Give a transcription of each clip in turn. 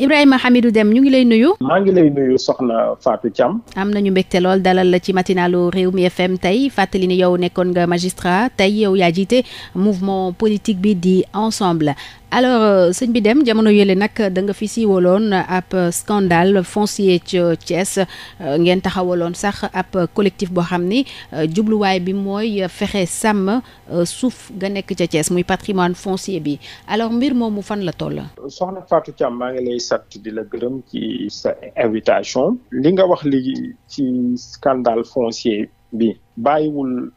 Ibrahima Hamidou Dème ñu ngi lay nuyu. maa ngi lay nuyu soxna Fatou Thiam. am nañu mbégte lool dalal la ci matinalu réew mi FM tey fàttali ni yow nekkoon nga magistrat tey yow yaa jiite mouvement politique bi di ensemble alors euh, sëñ bi dem jamono yële nag da nga fi siiwaloon ab scandale foncier ci Thiès euh, ngeen taxawaloon sax ab collectif boo xam ni euh, jubluwaay bi mooy fexe sàmm suuf nga nekk ca cees muy patrimoine foncier bi alors mbir moomu fan la toll. soxna Fatou Thiam maa ngi lay sant di la gërëm ci sa invitation. li nga wax li ci scandale foncier bi bàyyiwul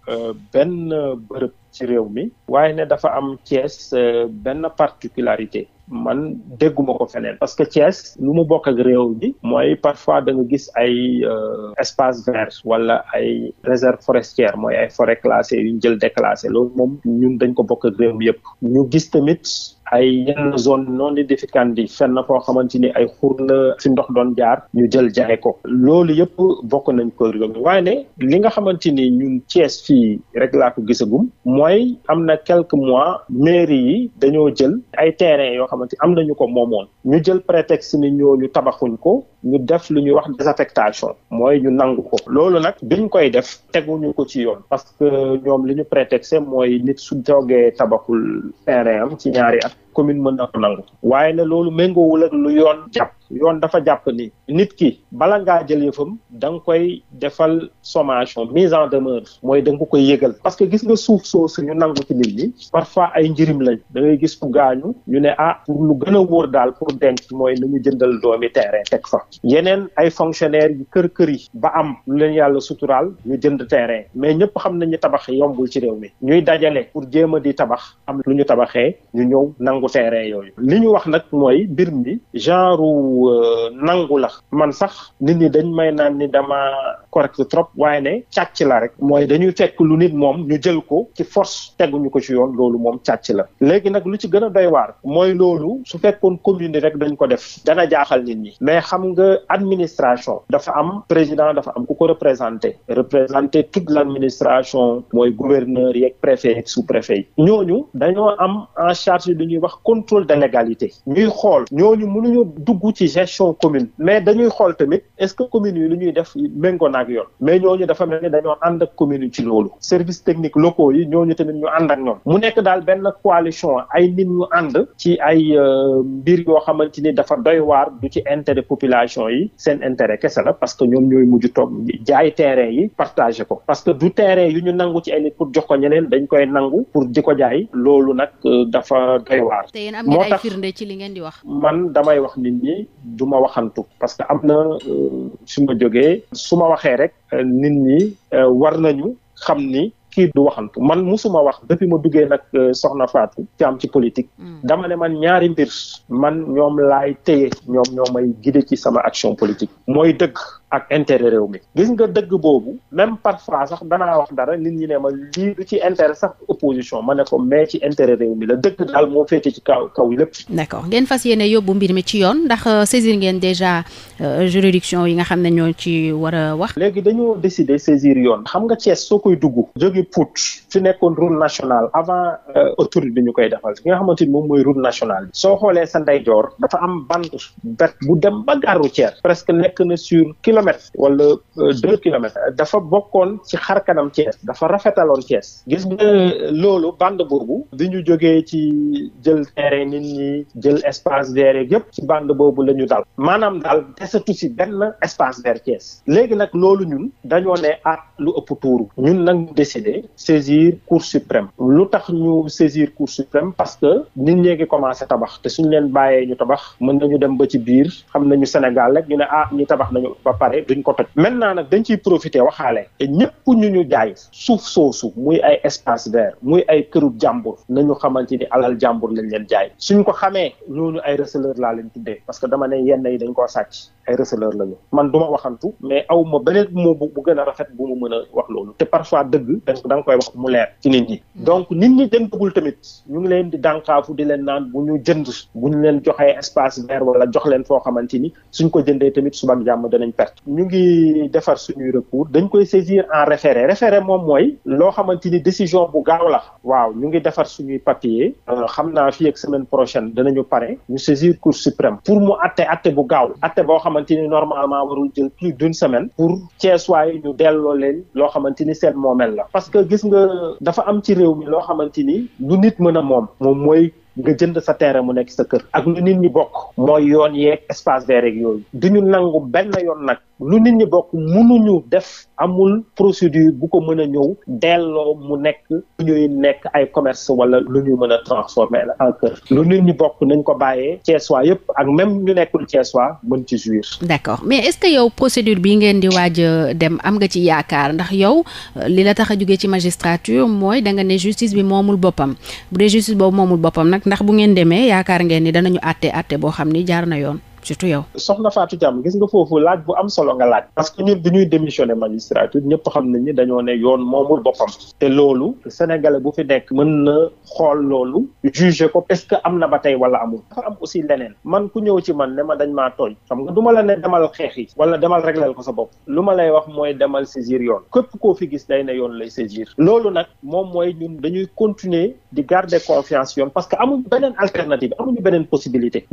benn bërëb. ci réew mi waaye ne dafa am Thiès euh, benn particularité man dégguma ko feneen parce que Thiès lu mu bokk ak réew bi mooy parfois da nga gis ay euh, espace vert wala ay réserve forestière mooy ay forêt classée yu ñu jël déclassé loolu moom ñun dañ ko bokk réew mi yëpp ñu gis tamit ay yenn zone non aedificandi fenn foo xamante ni ay xur la fi ndox doon jaar ñu jël jaay ko loolu yëpp bokk nañ ko réew mi waaye ne li nga xamante ni ñun Thiès fii rek laa ko gisagum mooy am na quelques mois mairie yi dañoo jël ay terrain xamante am na nañu ko moomoon ñu jël prétexte ni ñu tabaxuñ ko ñu def lu ñuy wax désaffectation mooy ñu nangu ko loolu nag biñ koy def teguñu ko ci yoon parce que ñoom li ñu prétexte mooy nit su toogee tabakul terrain am ci ñaari at commune mën na ko nangu waaye ne loolu méngoowul ak lu yoon jàpp yoon dafa jàpp ni nit ki bala ngaa jël yëfam da nga koy defal sommation mise en demeure mooy da nga koy yëgal parce que gis nga suuf soosu ñu nangu ci nit ñi parfois ay njëriñ lañ da ngay gis ku gaañu ñu ne ah pour lu gën a wóor daal pour denc mooy ñu jëndal doomi terrain teg fa yeneen ay fonctionnaire yu kër kër yi ba am lu leen yàlla suturaal ñu jënd terrain mais ñëpp xam nañu tabax yombul ci réew mi ñuy dajale pour jéem a di tabax am lu ñu tabaxee ñu ñëw nangu terrain yooyu li ñu wax nag mooy mbir mi genre euh, nangu la man sax nit ñi dañ may naan ni dama correct trop waaye càcc la rek mooy dañuy fekk lu nit moom ñu jël ko ci force teguñu ko ci yoon loolu moom càcc la léegi nag lu ci gën a doy waar mooy loolu su fekkoon commune rek dañ ko def dana jaaxal nit ñi mais xam nga administration dafa am président dafa am ku ko représenté représenté toute l'administration mooy gouverneur yeeg préfet yeeg sous préfet yi ñooñu dañoo am en charge lu ñuy wax contrôle de légalité ñuy xool ñooñu mënuñu dugg ci gestion commune mais dañuy xool tamit est-ce que commune yi lu ñuy def méngoo ak yoon mais ñooñu dafa mel ni dañoo ànd ak commune yi ci loolu service technique locaux yi ñooñu tamit ñu ànd ak ñoom mu nekk daal benn coalition ay nit ñu ànd ci ay euh, mbir yoo xamante ni dafa doy waar du ci intérêt population yi seen intérêt kese la parce que ñoom ñooy mujj toog jaay terrain yi partagé ko parce que du terrain yu ñu nangu ci ay nit pour jox ko ñeneen dañ koy nangu pour di ko jaay loolu nag euh, dafa doy waar moo tax firnde ci li ngeen di wax man damay wax nit ñi du ma waxantu parce que am na euh, su ma jógee su waxee waxee rek euh, nit ñi euh, war nañu xam ni kii du waxantu man musuma wax depuis ma duggee nag euh, soxna Fatou Thiam ci politique. Hmm. dama ne man ñaari mbir man ñoom laay téye ñoom ñoo may guider ci sama action politique mooy dëgg. ak intérêt réew mi gis nga dëgg boobu même parfois sax danaa wax dara nit ñi ne ma lii du ci intérêt sax opposition ma ne ko mais ci intérêt réew mi la dëgg daal moo féete ci kaw kaw lépp. ngeen fas yéene yóbbu mbir mi ci yoon ndax euh, saisir ngeen déjà euh, juridiction yi nga xam ne ñoo ci war a wax. léegi dañoo décider saisir yoon xam nga Thiès soo koy dugg. jóge Pout fi nekkoon route nationale avant euh, autoroute bi ñu koy defal ki nga xamante ni moom mooy route nationale soo xoolee sa ndeyjoor dafa kilomètres wala euh, deux kilomètres dafa bokkoon ci xar kanam Thiès dafa rafetaloon cees gis nga euh, loolu bande boobu bi ñu jógee ci jël terrain nit ñi jël espace vert yëpp ci bande boobu la ñu dal maanaam daal desatu si benn espace vert Thiès léegi nag loolu ñun dañoo ne ah lu ëpp tuuru ñun nag ñu décider saisir cour suprême lu tax ñu saisir cour suprême parce que nit ñee ngi commencé tabax te suñ leen bàyyee ñu tabax mën nañu dem ba ci biir xam nañu Sénégal rek ñu ne ah tabax pare duñ ko toj maintenant nag dañ ciy profité waxaale te ñëpp ñu ñu jaay suuf soosu muy ay espace vert muy ay kërub jàmbur nañu xamante alal jàmbur lañ leen jaay suñ ko xamee ñooñu ay receleur laa leen tuddee parce que dama ne yenn yi man du waxantu mais aw beneen moo bu gën a rafet bu ma mën a wax loolu te parfois dëgg da koy wax mu leer ci nit ñi mm. donc nit ñi den bëggul tamit ñu ngi leen di dànkaafu di leen naan bu ñu jënd bu ñu leen joxee espace vert wala jox leen foo xamante ni suñ ko jëndee tamit suba ñu ngi defar suñuy recours dañ koy saisir en référé référé moom mooy loo xamante ni décision bu gaaw la waaw ñu ngi defar suñuy papier euh, xam naa fii ak semaine prochaine ñu pare ñu saisir cour suprême pour mu atte atte bu gaaw ate boo xamante ni normalement warul jël plus d'une semaine pour Ceesuwaay ñu delloo leen loo xamante ni seen moomeel la parce que gis nga dafa am ci réew mi loo xamante ni lu nit mën a moom moom mooy nga jënd sa terrain mu nekk sa kër ak lu nit ñi bokk mooy yoon yeeg espace vert yeeg yooyu du ñu nangu benn yoon nag lu nit ñi bokk mu mënuñu def amul procédure bu ko mën a ñëw delloo mu nekk lu ñuy nekk ay commerce wala lu ñuy mën a transformer la en kër lu nit ñi bokk nañ ko bàyyee Thiessois yëpp ak même ñu nekkul Thiessois mën ci jouir d'accord mais est-ce que yow procédure bi ngeen di waaj dem am nga ci yaakaar ndax yow euh, li la tax a jugee ci magistrature mooy da nga ne justice bi moomul boppam bu dee justice boobu moomul boppam nag ndax bu ngeen demee yaakaar ngeen ni danañu àtte àtte boo xam ni jaar na yoon surtout yow. soxna Fatou Thiam gis nga foofu laaj bu am solo nga laaj. parce que ñun du ñuy démissionner magistrature ñëpp xam na ni dañoo ne yoon moomul boppam. te loolu sénégalais bu fi nekk mën na xool loolu. juger ko est-ce que am na ba tey wala amul. dafa am aussi leneen man ku ñëw ci man ne ma dañ maa tooñ. xam nga duma la ne demal xeex yi. wala demal réglal ko sa bopp. lu ma lay wax mooy demal saisir yoon. képp koo fi gis day ne yoon lay saisir. loolu nag moom mooy ñun dañuy continuer di garder confiance yoon parce que amuñu beneen alternative amuñu beneen possibilité.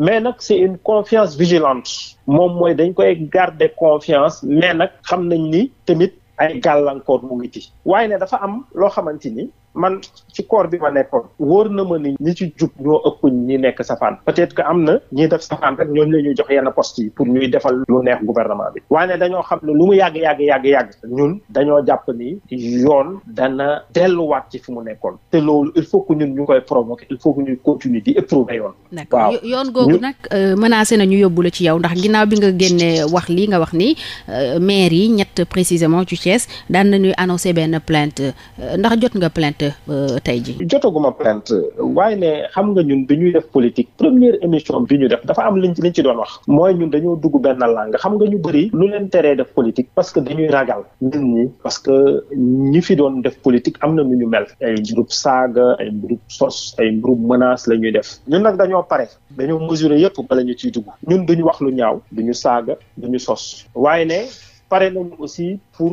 vigilante moom mooy dañ koy garder confiance mais nag xam nañ ni tamit ay gàllankoor mu ngi ci waaye ne dafa am loo xamante ni man ci koor bi ma nekkoon wóor na ma ni ñi ci jub ñoo ëpp ñi nekk safaan peut-être que am na ñiy def safaan rek ñoom la ñuy jox yenn poste yi pour ñuy defal lu neex gouvernement bi waaye dañoo xam ne lu mu yàgg yàgg yàgg yàgg ñun dañoo jàpp ni yoon dana delluwaat ci fi mu nekkoon te loolu il faut que ñun ñu koy il faut ñu continuer di éprouver yoon d'accord yoon googu nag euh, menacé na ñu yóbbu la ci yow ndax ginnaaw bi nga génnee wax lii nga wax ni euh, maire yi ñett précisément ci Thiès daan nañuy annoncé benn plainte euh, ndax jot nga plainte plainte ba tey ji jotaguma plainte waaye ne xam nga ñun bi ñuy def politique première émission bi ñu def dafa am liñ ci doon wax mooy ñun dañoo dugg benn langue xam nga ñu bari lu leen teree def politique parce que dañuy ragal nit ñi parce que ñi fi doon def politique am na nu ñu mel ay groupe saaga ay groupe sos ay groupe menace la ñuy def ñun nag dañoo pare dañoo mesurer yëpp bala ñu ciy dugg ñun duñu wax lu ñaaw ñu saaga duñu sos waaye ne pare nañu aussi pour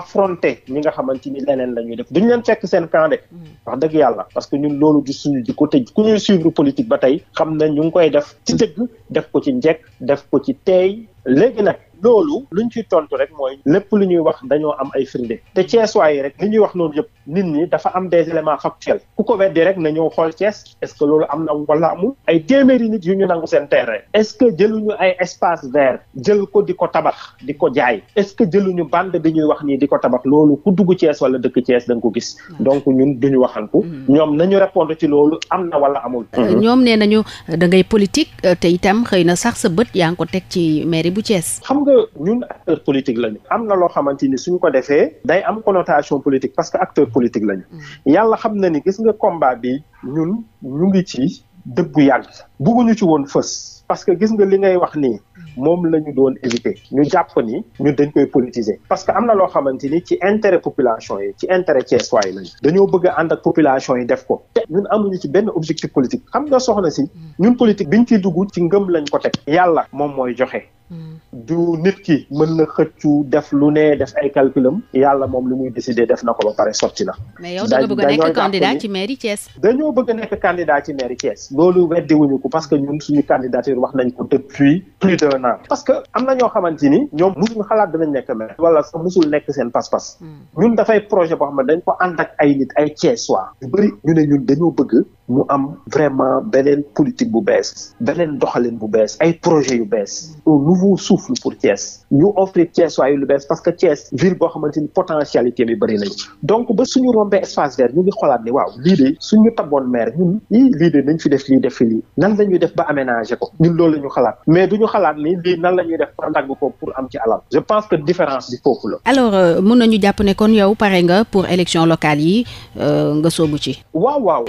affronter ñi nga xamante ni leneen la ñuy def duñ leen fekk seen camp mm. wax dëgg yàlla parce que ñun loolu du suñu di ko tëj ku ñuy suivre politique ba tey xam na ñu ngi koy def ci dëgg def ko ci njëkk def ko ci teey léegi nag loolu lu ñu ci tontu rek mooy lépp lu ñuy wax dañoo am ay firnde te Thiès waaye rek li ñuy wax noonu yëpp nit ñi dafa am des éléments factuels ku ko weddi rek na ñëw xool Thiès est-ce que loolu am na wala amul ay téeméeri nit yu ñu nangu seen terrain est-ce que jëluñu ay espace vert jël ko di ko tabax di ko jaay est-ce que jëluñu bande bi ñuy wax nii di ko tabax loolu ku dugg Thiès wala dëkk Thiès da ko gis hmm. donc ñun duñu waxanku hmm. ñoom nañu répondre ci loolu am na wala amul hmm. ñoom nee nañu da ngay politique te itam xëy na sax sa bët yaa ngi ko teg ci mairie bu Thiès ñun acteur politique lañu am na loo xamante ni suñ ko defee day am connotation politique parce que acteur politique lañu. Mm. yàlla xam na ni gis nga combat bi ñun ñu ngi ci dëggu yàgg. bugguñu ci woon fës. parce que gis nga li ngay wax nii moom la ñu doon éviter ñu jàpp ni ñu dañ koy politiser parce que am na loo xamante ni ci intérêt population yi ci intérêt Ceesuwaay yi lañu dañoo bëgg a ànd ak population yi def ko te ñun amuñu ci benn objectif politique xam nga soxna si mm. ñun politique biñ ciy dugg ci ngëm lañ ko teg yàlla moom mooy joxe du nit ki mën na xëccu def lu ne def ay calculam yàlla moom lu muy décider def na ko ba pare sotti na. mais yow da bëgg a nekk candidat ci mairie Thiès. dañoo loolu weddiwuñu ko parce que ñun suñu candidature wax nañ ko depuis plus d'un an. parce que am na ñoo xamante ni ñoom musuñu xalaat danañ nekk maire. wala musul nekk seen pas-pas. Hmm. ñun dafay projet boo xam ne dañ ko ànd ak ay nit ay Thiès waa. ñu bëri ñu ne ñun dañoo bëgg. mu am vraiment beneen politique bu bees beneen doxalin bu bees ay projet yu bees un nouveau souffle pour Thiès ñu offrir Thiès waayu lu bees parce que Thiès ville boo xamante ni potentialité bi bëri nañu donc ba suñu rombee espace ñu ngi xoolaat ni waaw lii suñu taboon maire ñun lii de nañ fi def lii def fi lii nan la ñuy def ba aménager ko ñun loolu la ñu xalaat mais du ñu xalaat ni lii nan la ñuy def ba ndàgg ko pour am ci je pense que différence bi foofu la alors euh, mun ñu jàpp ne kon yow pare nga pour élection locale yi euh, nga soobu ci waaw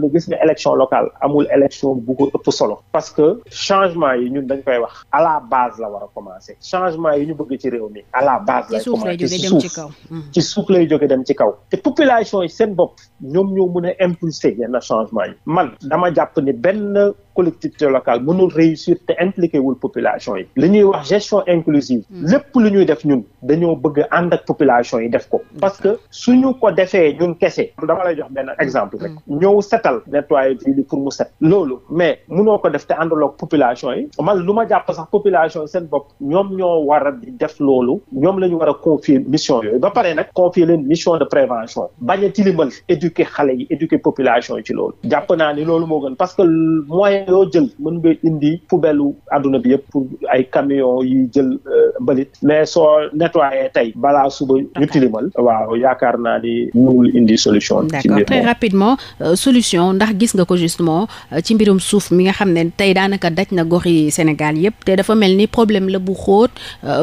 ne gis nga élection locale amul élection bu ëpp solo parce que changement yi ñun dañ koy wax à la base la war a commencer changement yi ñu bëgg ci réew mi à la base lay commencer hmm. ci suuf lay jóge dem ci kaw te population yi seen bopp ñoom ñoo mën a impulser yenn changement yi man dama jàpp ni benn collectivité locale mënul réussir te impliqué wul population yi li ñuy wax gestion inclusive hmm. lépp lu ñuy def ñun dañoo bëgg ànd ak population yi def ko hmm. parce que su ñu ko defee ñun kese dama lay jox benn hmm. exemple rek ñëw setal nettoyer ville pour mu set loolu mais munoo ko def te àndaloog population yi man lu ma jàpp sax population seen bopp ñoom ñoo war a di def loolu ñoom la ñu war a confier mission yooyu ba pare nag confier leen mission de prévention bañ a tilimal éduquer xale yi éduquer population yi ci loolu moyen yoo jël mën nga indi poubelle àdduna bi yëpp pour ay camion yi jël euh, mbalit mais soo nettoyé tey balaa suba ñu tilimal waaw yaakaar naa ni mënul indi solution d'accord rapidement euh, solution ndax gis nga ko justement euh, ci mbirum suuf mi nga xam ne tey daanaka daj na gox yi Sénégal yëpp te dafa mel ni problème la bu xóot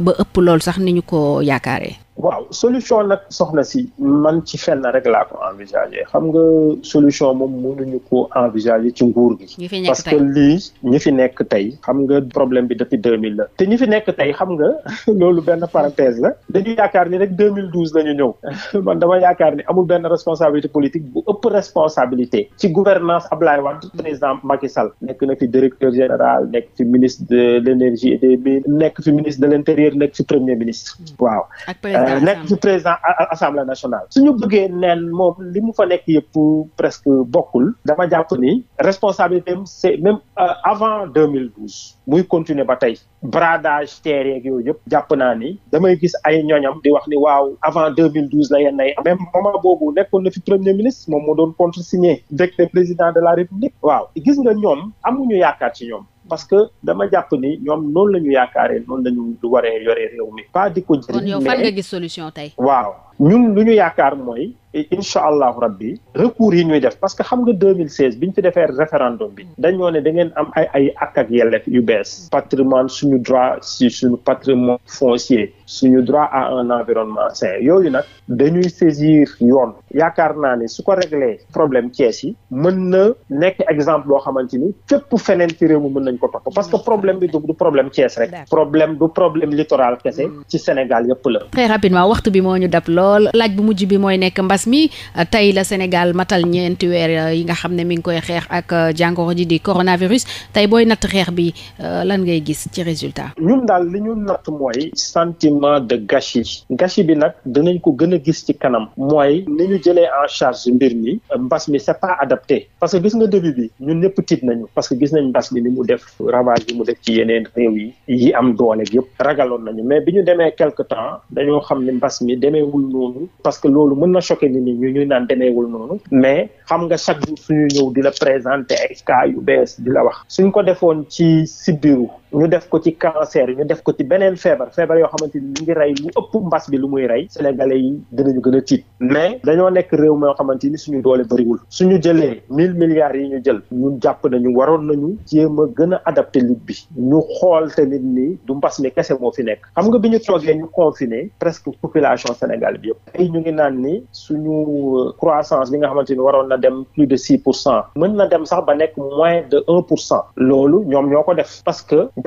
ba ëpp lool sax ni ñu ko yaakaaree waaw solution nag soxna si man ci fenn rek laa ko envisager xam nga solution moom mënuñu ko envisager ci nguur gi. parce que lii ñu fi nekk tey. xam nga problème bi depuis 2000 la. te ñi fi nekk tey xam nga loolu benn parenthèse la dañu yaakaar ni rek 2012 la ñu ñëw man dama yaakaar ni amul benn responsabilité politique bu ëpp responsabilité. ci gouvernance Ablaye Wade président Macky Sall nekk na fi directeur général nekk fi ministre de l' énergie et des nekk fi ministre de l' intérieur nekk fi premier ministre. Hmm. waaw. nekk fi président assemblée nationale suñu bëggee neen moom li mu fa nekk yëpp presque bokkul dama jàpp ni responsabilité am c'est même euh, avant 2012 muy continuer ba tey bradage terre yeeg yooyu yëpp jàpp naa ni damay gis ay ñoñam di wax ni waaw avant 2012 la yenn ay même moment boobu nekkoon na fi premier ministre moom moo doon contresigné décret président de la république waaw gis nga ñoom amuñu yaakaar ci ñoom parce que dama jàpp ni ñoom noonu la ñu yaakaaree noonu la ñu waree yoree réew mi. pas di ko jëriñ kon yow nga gis solution tey. waaw ñun lu ñu yaakaar mooy. incha allahu rabbi recours yi ñuy def parce que xam nga 2016 bi ñu fi defee référendum bi dañoo ne da ngeen am ay ay ak ak yelleef yu bees patrimoine suñu droit su suñu patrimoine foncier suñu droit à un environnement sain yooyu nag dañuy saisir yoon yaakaar naa ne su ko réglé problème Thiès yi mën na nekk exemple boo xamante ni fépp feneen ci réew mi mën nañ ko topp parce que problème bi dugg du problème Thiès rek problème du problème littoral kese mm. ci Sénégal yëpp la très rapidement waxtu bi moo ñu dab lool laaj bu mujj bi mooy nekk mbas mi tey la Sénégal matal ñeenti weer euh, yi nga xam ne mi ngi koy xeex ak euh, jàngoro ji di coronavirus tey booy xeex bi euh, lan ngay gis ci ma de gâchis gâchis bi nag dinañ ko gën a gis ci kanam mooy ni ñu jëlee en charge mbir mi mbas mi c'est pas adapté parce que gis nga début bi ñun ñëpp tiit nañu parce que gis nañ mbas mi ni mu def ravage bi mu def ci yeneen réew yi yi am doole yëpp ragaloon nañu mais bi ñu demee quelque temps dañoo xam ne mbas mi demeewul noonu parce que loolu mën na choquer nit ñi ñu ñuy naan demeewul noonu mais xam nga chaque jour suñu ñëw di la présenter ay cas yu bees di la wax suñ ko defoon ci sibiru ñu def ko ci cancer ñu def ko ci beneen feebar feebar yoo xamante ni li ngi rey lu ëpp mbas bi lu muy rey sénégalais yi dinañu gën a tiit mais dañoo nekk réew moo xamante ni suñu doole bëriwul suñu jëlee mille milliards yi ñu jël ñun jàpp nañu waroon nañu ci a gën adapté lutte bi ñu xool tamit ni du mbas mi kese moo fi nekk xam nga bi ñu toogee ñu confiné presque population Sénégal bi yëpp tey ñu ngi naan ni suñu euh, croissance bi nga xamante ni waroon na dem plus de six pour cent mën na dem sax ba nekk moins un pour cent loolu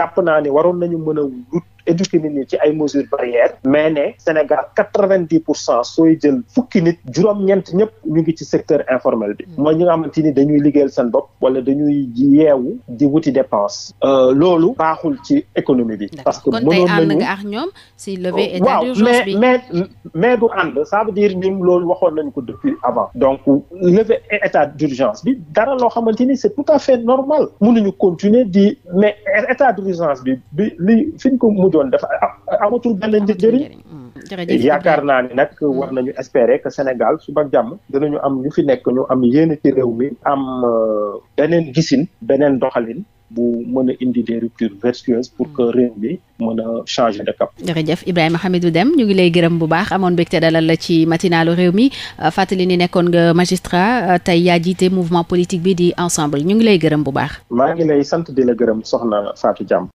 jàpp naa ni waroon nañu mën a éduquer nit ñi ci ay mesures barrières mais ne Sénégal quatre vingt dix pour cent sooy jël fukki nit juróom-ñeent ñëpp ñu ngi ci secteur informel bi hmm. mooy ñi nga dañuy liggéeyal seen bopp wala dañuy yeewu di wuti dépense euh, loolu baaxul ci économie bi parce que mënoon nañu ak ñoom si lever état d'urgence bi mais mais du ànd ça loolu waxoon nañ ko depuis avant donc lever état d'urgence bi dara loo xamante ni c'est tout à fait normal mënuñu continuer di mais état d'urgence bi bi li ko mujj doon dafa amatul benn njëriñ hmm. yaakaar naa ne nag hmm. war nañu espérer que Sénégal suba jàmm ñu am ñu fi nekk ñu am yéene ci réew mi am euh, beneen gisin beneen doxalin bu mën a indi des ruptures vertueuses pour hmm. que réew mi mën a changer de cap. jërëjëf Ibrahima Hamidou Dème ñu ngi lay gërëm bu baax amoon mbégte dalal la ci matinalu réew mi euh, fàttali ni nekkoon nga magistrat euh, tey yaa jiite mouvement politique bi di ensemble ñu ngi lay gërëm bu baax. maa ngi lay sant di la gërëm soxna Fatou Diam.